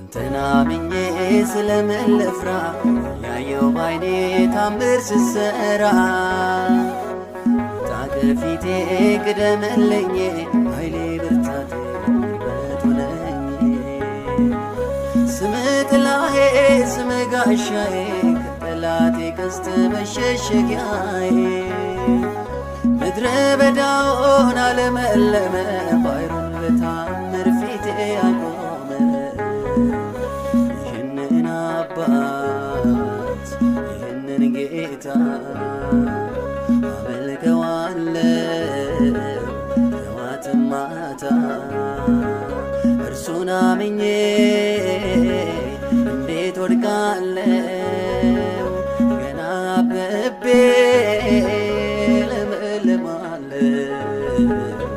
አንተን አምኜ ስለምን ልፍራ ያየው ባይኔ ታምር ስሰራ ጣተ ፊቴ ቅደመለኝ ኃይሌ ብርታት በቶለኝ ስም ጥላዬ ስም ጋሻዬ ከጠላቴ ቀስት መሸሸጊያዬ ምድረ በዳውን አለመለመ ባይሩን በታምር ፊቴ ያቆ በመርዳት ይህንን ጌታ አመልከዋለሁ ጠዋትም ማታ እርሱን አምኜ እንዴት ወድቃለሁ ገና አብቤ ለመልማለሁ